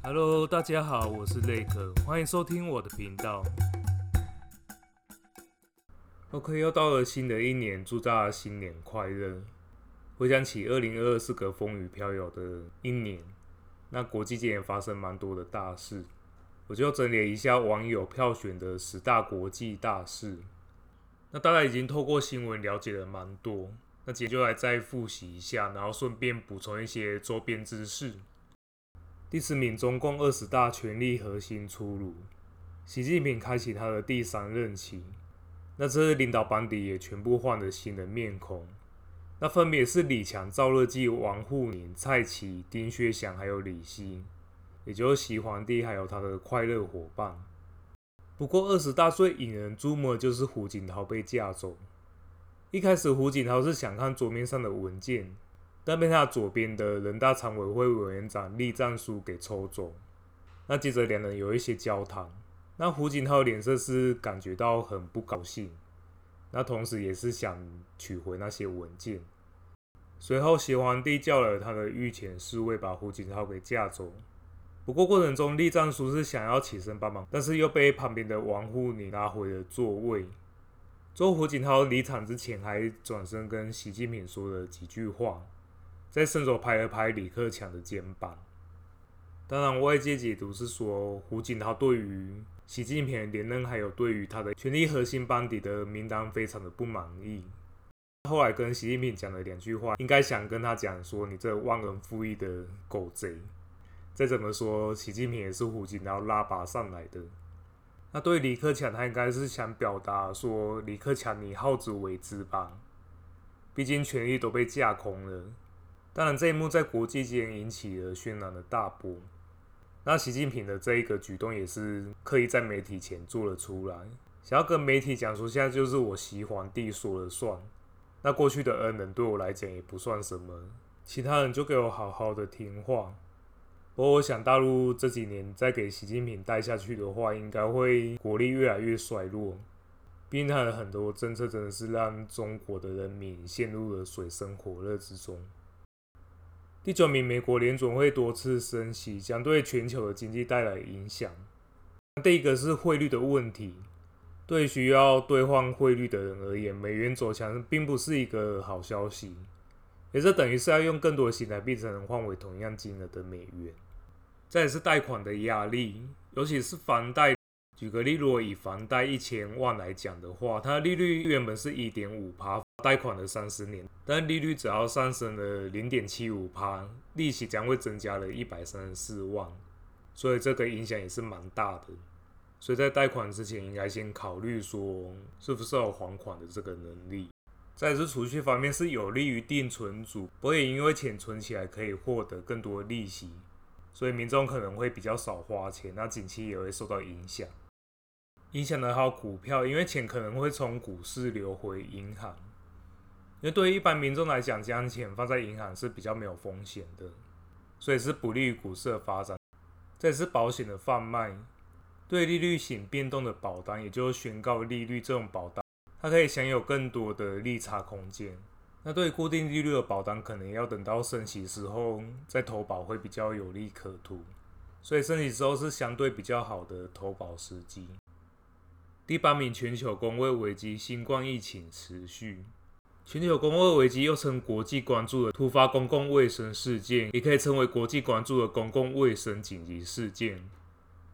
Hello，大家好，我是雷科，歡迎收聽我的頻道。OK，又到了新的一年，祝大家新年快樂。回想起二零二二是個風雨飄搖的一年，那國際間也發生蠻多的大事，我就整理一下網友票選的十大國際大事。那大家已經透過新聞了解了蠻多，那接下來再複習一下，然後順便補充一些周邊知識。第十名，中共二十大權力核心出爐，習近平開啟他的第三任期。那這次領導班底也全部換了新的面孔，那分別是李強、趙樂際、王滬寧、蔡奇、丁薛祥，還有李希，也就是習皇帝，還有他的快樂夥伴。不過二十大最引人注目的就是胡錦濤被架走。一開始胡錦濤是想看桌面上的文件。那被他左邊的人大常委會委員長栗戰書給抽走，那接着兩人有一些交談，那胡錦濤臉色是感覺到很不高興，那同時也是想取回那些文件。隨後，習皇帝叫了他的御前侍衛把胡錦濤給架走。不過過程中，栗戰書是想要起身幫忙，但是又被旁邊的王滬寧拉回了座位。最後，胡錦濤離場之前還轉身跟習近平說了幾句話。再伸手拍了拍李克強的肩膀。當然，外界解讀是說，胡錦濤對於習近平連任，還有對於他的權力核心班底的名單，非常的不滿意。後來跟習近平講了兩句話，應該想跟他講說：“你這忘恩負義的狗賊！”再怎麼說，習近平也是胡錦濤拉拔上來的。那對李克強，他應該是想表達說：“李克強，你好自為之吧。”畢竟權力都被架空了。當然，這一幕在國際間引起了軒然的大波。那習近平的這一個舉動也是刻意在媒體前做了出來，想要跟媒體講說，現在就是我習皇帝說了算。那過去的恩人對我來講也不算什麼，其他人就給我好好的聽話。不過，我想大陸這幾年再給習近平帶下去的話，應該會國力越來越衰弱。畢竟他的很多政策真的是讓中國的人民陷入了水深火熱之中。第九名，美國聯總會多次升息，將對全球的經濟帶來影響。第一個是匯率的問題，對需要兌換匯率的人而言，美元走強並不是一個好消息，也是等於是要用更多的新台幣才能換回同樣金額的美元。再來是貸款的壓力，尤其是房貸。舉個例，如果以房貸一千萬來講的話，它的利率原本是一點五趴。貸款了三十年，但利率只要上升了零點七五趴，利息將會增加了一百三十四萬，所以這個影響也是蠻大的。所以在貸款之前，應該先考慮說是不是有還款的這個能力。在這儲蓄方面是有利於定存族，不會因為錢存起來可以獲得更多利息，所以民眾可能會比較少花錢，那景氣也會受到影響。影響的好股票，因為錢可能會從股市流回銀行。因為對於一般民眾來講，將錢放在銀行是比較沒有風險的，所以是不利於股市的發展。這也是保險的販賣，對利率險變動的保單，也就是宣告利率這種保單，它可以享有更多的利差空間。那對於固定利率的保單，可能要等到升息之後再投保會比較有利可圖，所以升息之後是相對比較好的投保時機。第八名，全球公衛危機，新冠疫情持續。全球公衛危機又稱國際關注的突發公共衛生事件，也可以稱為國際關注的公共衛生緊急事件。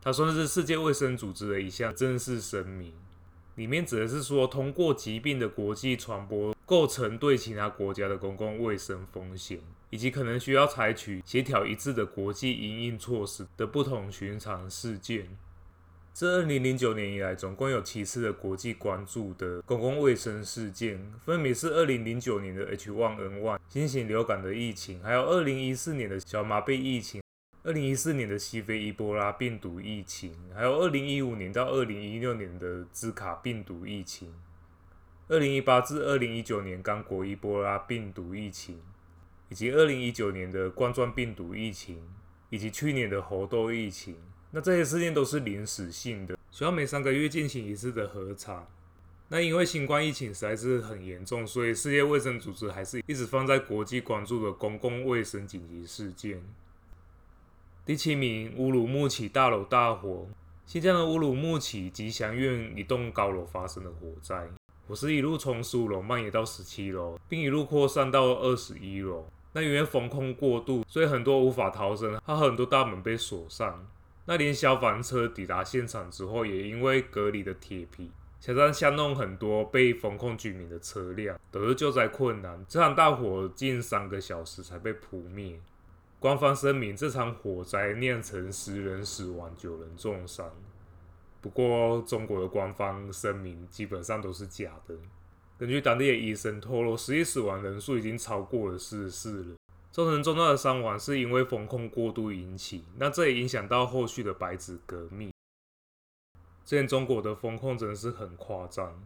它說的是世界衛生組織的一項正式聲明，裡面指的是說，通過疾病的國際傳播構成對其他國家的公共衛生風險，以及可能需要採取協調一致的國際營運措施的不同尋常事件。自二零零九年以來，總共有七次的國際關注的公共衛生事件，分別是二零零九年的 H1N1 新型流感的疫情，還有二零一四年的小兒麻痺疫情，二零一四年的西非伊波拉病毒疫情，還有二零一五年到二零一六年的茲卡病毒疫情，二零一八至二零一九年剛果伊波拉病毒疫情，以及二零一九年的冠狀病毒疫情，以及去年的猴痘疫情。那這些事件都是臨時性的，需要每三個月進行一次的核查。那因為新冠疫情實在是很嚴重，所以世界衛生組織還是一直放在國際關注的公共衛生緊急事件。第七名，烏魯木齊大樓大火，新疆的烏魯木齊吉祥苑一棟高樓發生了火災，火勢一路從十五樓蔓延到十七樓，並一路擴散到二十一樓。那因為封控過度，所以很多無法逃生，還有很多大門被鎖上。那輛消防車抵達現場之後，也因為隔離的鐵皮，加上相弄很多被封控居民的車輛，導致救災困難。這場大火近三個小時才被撲滅。官方聲明這場火災釀成十人死亡、九人重傷。不過，中國的官方聲明基本上都是假的。根據當地的醫生透露，實際死亡人數已經超過了四十四人。造成重大的傷亡是因為封控過度引起，那這也影響到後續的白紙革命。之前中國的封控真的是很誇張，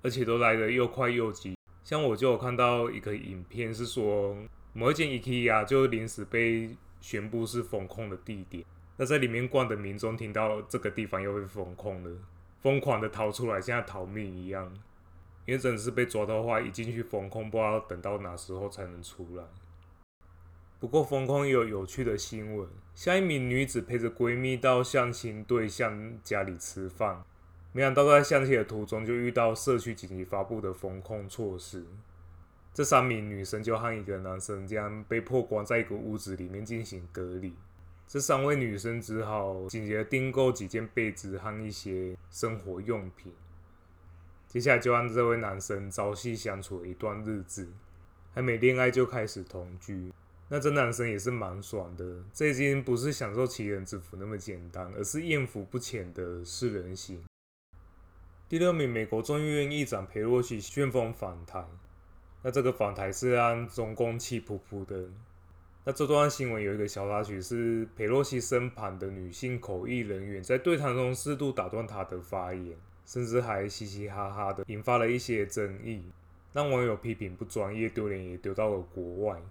而且都來得又快又急。像我就有看到一個影片，是說某一間 IKEA 就臨時被宣布是封控的地點，那在裡面逛的民眾聽到這個地方又被封控了，瘋狂的逃出來，像逃命一樣。因為真的是被抓到的話，一進去封控，不知道等到哪時候才能出來。不過封控也有有趣的新聞，像一名女子陪着閨蜜到相親對象家裡吃飯，沒想到在相親的途中就遇到社區緊急發布的封控措施。這三名女生就和一個男生這樣被迫關在一個屋子裡面進行隔離。這三位女生只好緊急訂購幾件被子和一些生活用品。接下來就和這位男生朝夕相處一段日子，還沒戀愛就開始同居。那這男生也是蠻爽的，這已經不是享受齊人之福那麼簡單，而是豔福不淺的是人心。第六名，美國眾議院議長裴洛西旋風訪台，那這個訪台是讓中共氣噗噗的。那這段新聞有一個小插曲是，裴洛西身旁的女性口譯人員在對談中適度打斷她的發言，甚至還嘻嘻哈哈的，引發了一些爭議，讓網友批評不專業，丟臉也丟到了國外。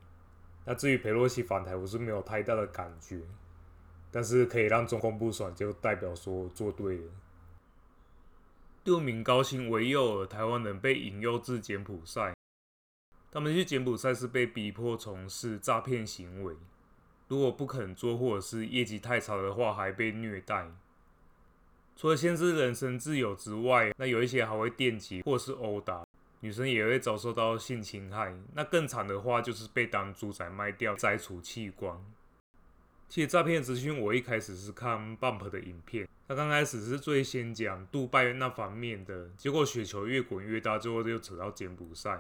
那至於裴洛西反台，我是沒有太大的感覺，但是可以讓中共不爽，就代表說我做對了。六名高薪為誘餌，台灣人被引誘至柬埔寨，他們去柬埔寨是被逼迫從事詐騙行為，如果不肯做或者是業績太差的話，還被虐待。除了限制人身自由之外，那有一些還會電擊或是毆打。女生也會遭受到性侵害，那更慘的話就是被當豬仔賣掉、摘除器官。其實詐騙資訊我一開始是看 BUMP 的影片，它剛開始是最先講杜拜那方面的，結果雪球越滾越大，最後就扯到柬埔寨。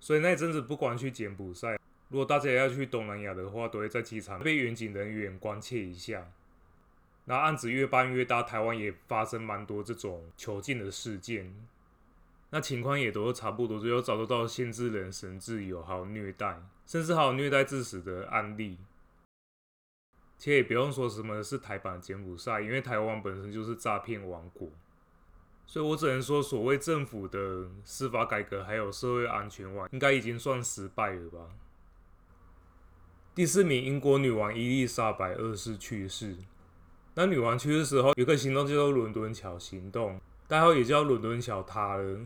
所以那一陣子不光去柬埔寨，如果大家要去東南亞的話，都會在機場被遠警人員關切一下。那案子越辦越大，台灣也發生蠻多這種囚禁的事件。那情況也都差不多，就有遭受到限制人身自由，還有虐待，甚至還有虐待致死的案例。其實也不用說什麼是台版柬埔寨，因為台灣本身就是詐騙王國，所以我只能說，所謂政府的司法改革還有社會安全網，應該已經算失敗了吧。第四名，英國女王伊麗莎白二世去世。那女王去世時候，有一個行動叫做倫敦橋行動，代號也叫倫敦橋塌了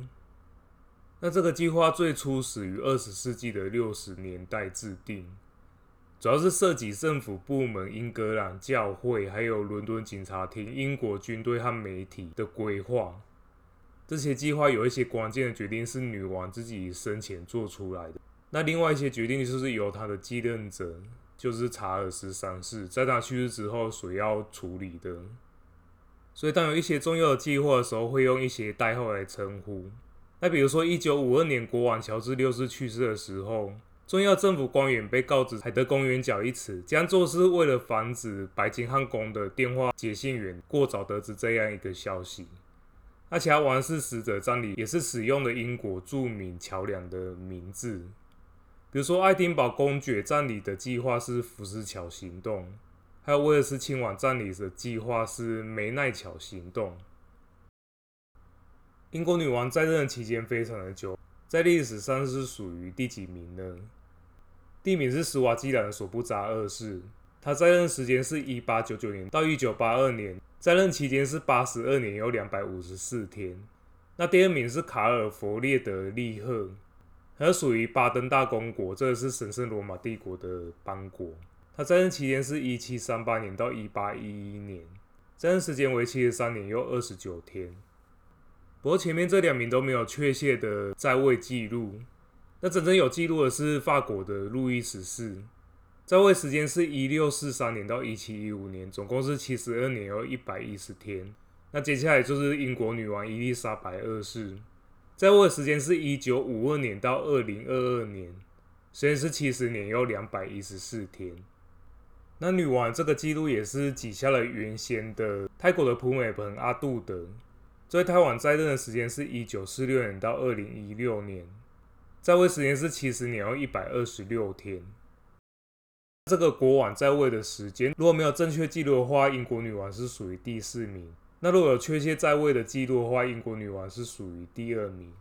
那這個計劃最初始於二十世紀的六十年代制定，主要是涉及政府部門、英格蘭教會、還有倫敦警察廳、英國軍隊和媒體的規劃。這些計劃有一些關鍵的決定是女王自己生前做出來的，那另外一些決定就是由她的繼任者，就是查爾斯三世，在他去世之後所要處理的。所以，當有一些重要的計劃的時候，會用一些代號來稱呼。那比如說，一九五二年，國王喬治六世去世的時候，重要政府官員被告知海德公園角一詞，這樣做是為了防止白金漢宮的電話接線員過早得知這樣一個消息。那其他王室使者葬禮也是使用了英國著名橋梁的名字，比如說愛丁堡公爵葬禮的計劃是福斯橋行動，還有威爾斯親王葬禮的計劃是梅奈橋行動。英國女王在任期間非常的久，在歷史上是屬於第幾名呢？第一名是史瓦濟蘭的索布扎二世，他在任時間是一八九九年到一九八二年，在任期間是八十二年，有兩百五十四天。那第二名是卡爾弗列德利赫，他屬於巴登大公國，這是神聖羅馬帝國的邦國，他在任期間是一七三八年到一八一一年，在任時間為七十三年，又二十九天。不過前面這兩名都沒有確切的在位記錄，那真正有記錄的是法國的路易十四，在位時間是一六四三年到一七一五年，總共是七十二年有一百一十天。那接下來就是英國女王伊麗莎白二世，在位的時間是一九五二年到二零二二年，雖然是七十年有兩百一十四天，那女王這個記錄也是擠下了原先的泰國的普美蓬阿杜德。所以，泰王在任的時間是一九四六年到二零一六年，在位時間是七十年1一百二十六天。這個國王在位的時間，如果沒有正確記錄的話，英國女王是屬於第四名。那如果有確切在位的記錄的話，英國女王是屬於第二名。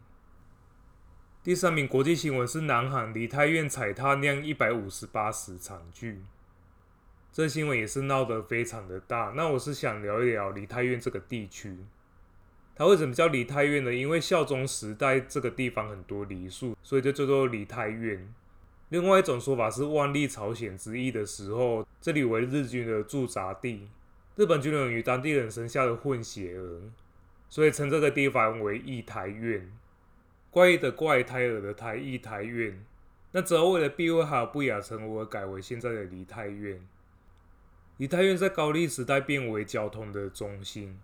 第三名國際新聞是南韓梨泰院踩踏釀一百五十八死慘劇，這個、新聞也是鬧得非常的大。那我是想聊一聊梨泰院這個地區。它為什麼叫梨泰院呢？因為孝宗時代這個地方很多梨樹，所以就叫做梨泰院。另外一種說法是萬曆朝鮮之役的時候，這裡為日軍的駐紮地，日本軍人與當地人生下的混血兒，所以稱這個地方為異胎院。怪異的怪，胎兒的胎，異胎院。那之後為了避諱還有不雅稱呼，我而改為現在的梨泰院。梨泰院在高麗時代變為交通的中心。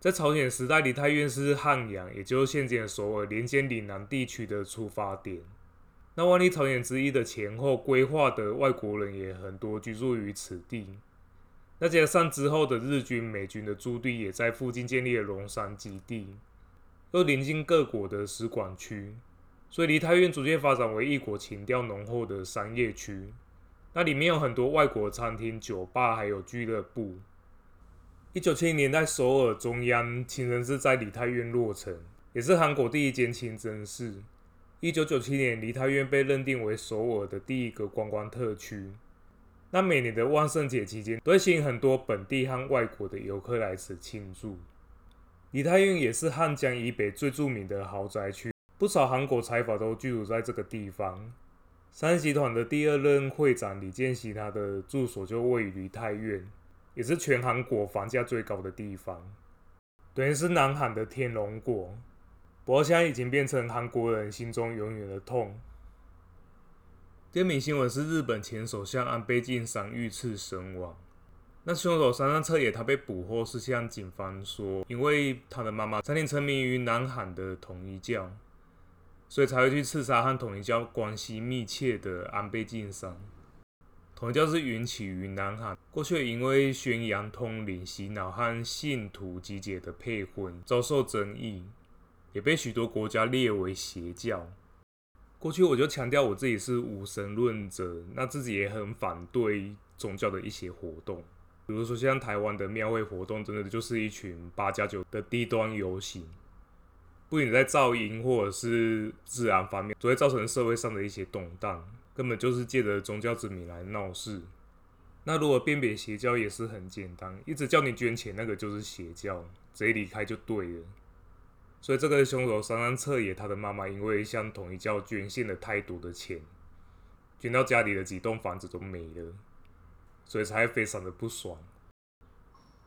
在朝鮮時代，梨泰院是漢陽，也就是現今的首爾，連接嶺南地區的出發點。那萬曆朝鮮之役的前後規劃的外國人也很多居住於此地，再加上之後的日軍、美軍的駐地也在附近建立了龍山基地，又臨近各國的使館區，所以梨泰院逐漸發展為異國情調濃厚的商業區。那裡面有很多外國餐廳、酒吧，還有俱樂部。一九七零年，在首爾中央清真寺在梨泰院落成，也是韓國第一間清真寺。一九九七年，梨泰院被認定為首爾的第一個觀光特區。那每年的萬聖節期間，都會吸引很多本地和外國的遊客來此慶祝。梨泰院也是漢江以北最著名的豪宅區，不少韓國財閥都居住在這個地方。三星集團的第二任會長李健熙，他的住所就位於梨泰院。也是全韓國房價最高的地方，等於是南韓的天龍國，不過現在已經變成韓國人心中永遠的痛。第二名新聞是日本前首相安倍晉三遇刺身亡。那凶手山上徹也，他被捕獲是向警方說，因為他的媽媽曾經沉迷於南韓的統一教，所以才會去刺殺和統一教關係密切的安倍晉三。統一教是源起於南韓，過去因為宣揚通靈洗腦和信徒集結的配婚，遭受爭議，也被許多國家列為邪教。過去我就強調我自己是無神論者，那自己也很反對宗教的一些活動。比如說像台灣的廟會活動，真的就是一群八加九的低端遊行，不僅在噪音或者是治安方面，都會造成社會上的一些動盪。根本就是借着宗教之名來鬧事。那如果辨別邪教也是很簡單，一直叫你捐錢，那個就是邪教，直接離開就對了。所以這個凶手山上徹也，他的媽媽因為向統一教捐獻了太多的錢，捐到家裡的幾棟房子都沒了，所以才非常的不爽。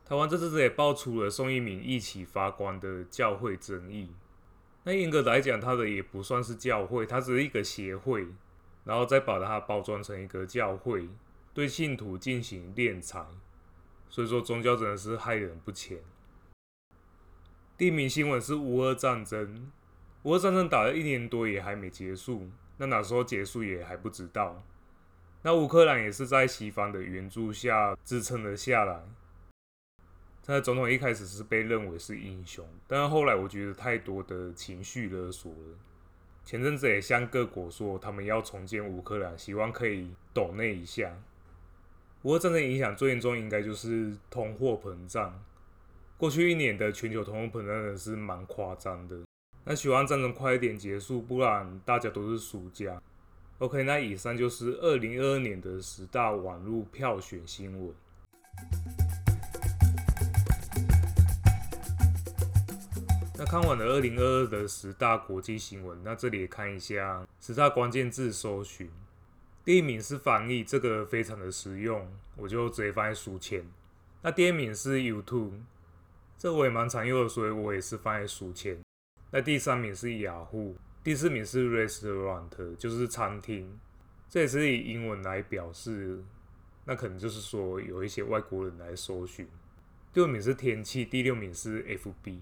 台灣這次也爆出了宋逸民藝起發光的教會爭議。那嚴格來講，他的也不算是教會，他只是一個協會。然後再把它包裝成一個教會，對信徒進行斂財，所以說宗教真的是害人不淺。第一名新聞是烏俄戰爭，烏俄戰爭打了一年多也還沒結束，那哪時候結束也還不知道。那烏克蘭也是在西方的援助下支撐了下來。他的總統一開始是被認為是英雄，但後來我覺得太多的情緒勒索了。前陣子也向各國說，他們要重建烏克蘭，希望可以抖內一下。不過戰爭影響最嚴重，應該就是通貨膨脹。過去一年的全球通貨膨脹是蠻誇張的。那希望戰爭快一點結束，不然大家都是輸家。OK，那以上就是二零二二年的十大網絡票選新聞。那看完了二零二二的十大國際新聞，那這裡也看一下十大關鍵字搜尋。第一名是翻譯，這個非常的實用，我就直接放在書籤。那第二名是 YouTube，這我也蠻常用的，所以我也是放在書籤。那第三名是雅虎，第四名是 Restaurant，就是餐廳，這也是以英文來表示，那可能就是說有一些外國人來搜尋。第五名是天氣，第六名是 FB。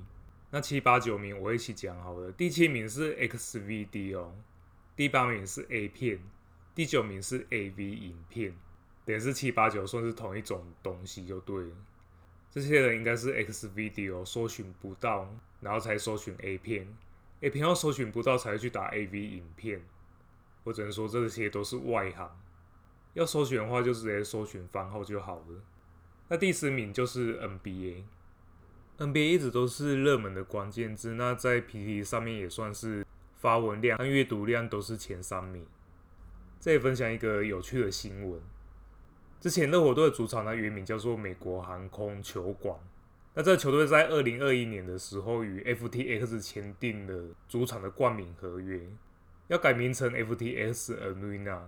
那七八九名我一起講好了。第七名是 X Video，第八名是 A 片，第九名是 AV 影片，等於是七八九算是同一種東西就對了。這些人應該是 X Video 搜尋不到，然後才搜尋 A 片，A 片要搜尋不到才會去打 AV 影片。我只能說這些都是外行，要搜尋的話就直接搜尋番號就好了。那第十名就是 NBA。NBA 一直都是熱門的關鍵字，那在 PT 上面也算是發文量、跟閱讀量都是前三名。這裡分享一個有趣的新聞：之前熱火隊的主場呢，原名叫做美國航空球館，那這個球隊在二零二一年的時候與 FTX 簽訂了主場的冠名合約，要改名成 FTX Arena。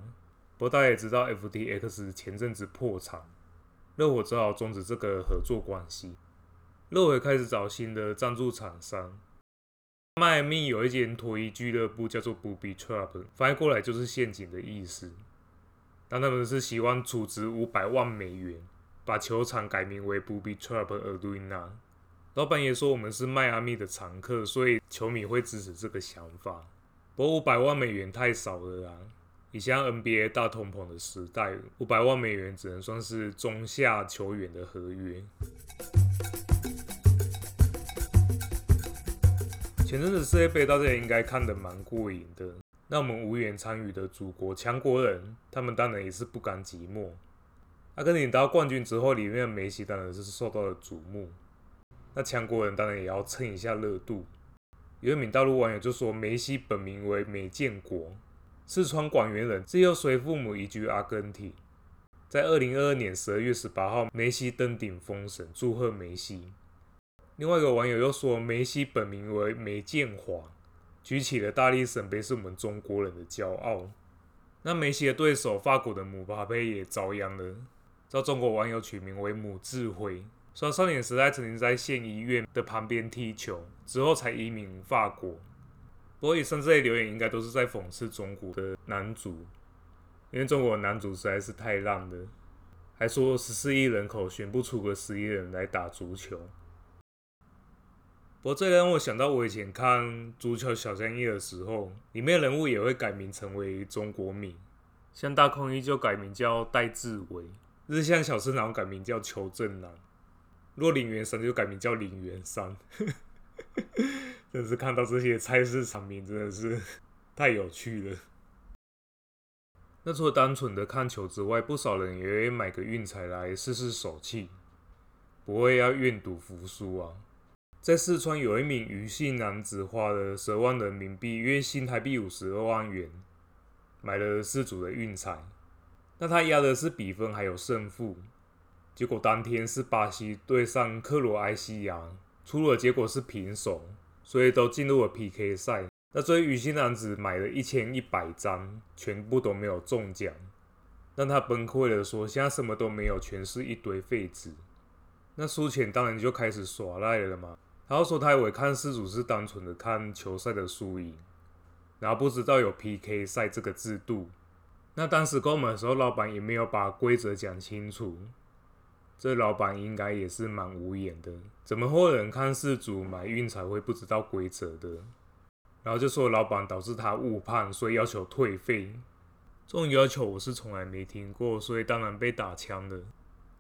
不過大家也知道，FTX 前陣子破產，熱火只好終止這個合作關係。六月開始找新的贊助廠商。邁阿密有一間脫衣俱樂部，叫做 Booby Trap，翻過來就是“陷阱”的意思。但他們是希望出資五百萬美元，把球場改名為 Booby Trap Arena。老闆也說，我們是邁阿密的常客，所以球迷會支持這個想法。不過五百萬美元太少了啦、啊，以像 NBA 大通膨的時代，五百萬美元只能算是中下球員的合約。前陣子世界盃，大家應該看得蠻過癮的。那我們無緣參與的祖國強國人，他們當然也是不甘寂寞。阿根廷拿到冠軍之後，裡面的梅西當然是受到了矚目。那強國人當然也要蹭一下熱度。有一名大陸網友就說：“梅西本名為梅建國，四川廣元人，自幼隨父母移居阿根廷。在二零二二年十二月十八號，梅西登頂封神，祝賀梅西。”另外一個網友又說，梅西本名為梅建華，舉起了大力神杯是我們中國人的驕傲。那梅西的對手法國的姆巴佩也遭殃了，遭中國網友取名為“姆智輝”，說少年時代曾經在縣醫院的旁邊踢球，之後才移民法國。不過以上這些留言應該都是在諷刺中國的男足，因為中國的男足實在是太爛了，還說十四億人口選不出個十億人來打足球。不過，這讓我想到我以前看《足球小將翼》的時候，裡面的人物也會改名成為中國名，像大空翼就改名叫戴志偉，日向小次郎改名叫邱振男，若林源三，就改名叫林源三。真 是看到這些菜市場名，真的是 太有趣了。那除了單純的看球之外，不少人也會買個運彩來試試手氣，不會要願賭服輸啊。在四川有一名余姓男子花了十萬人民幣（約新台幣五十二萬元）買了四組的運彩，那他押的是比分還有勝負。結果當天是巴西對上克羅埃西亞，出了結果是平手，所以都進入了 PK 賽。那所以余姓男子買了一千一百張，全部都沒有中獎，讓他崩潰了，說：“現在什麼都沒有，全是一堆廢紙。”那輸錢當然就開始耍賴了嘛。然後說他以為看世足是單純的看球賽的輸贏，然後不知道有 PK 賽這個制度。那當時購買的時候，老板也沒有把規則講清楚。這老板應該也是蠻無言的，怎麼會有人看世足買運彩會不知道規則的？然後就說老板導致他誤判，所以要求退費。這種要求我是從來沒聽過，所以當然被打槍的。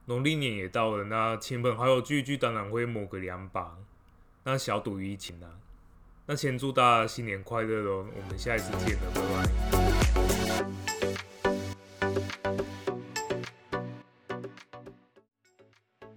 農曆年也到了，那親朋好友聚聚，當然會摸個兩把。那小賭怡情啦，那先祝大家新年快樂嘍！我們下一次見了，拜拜。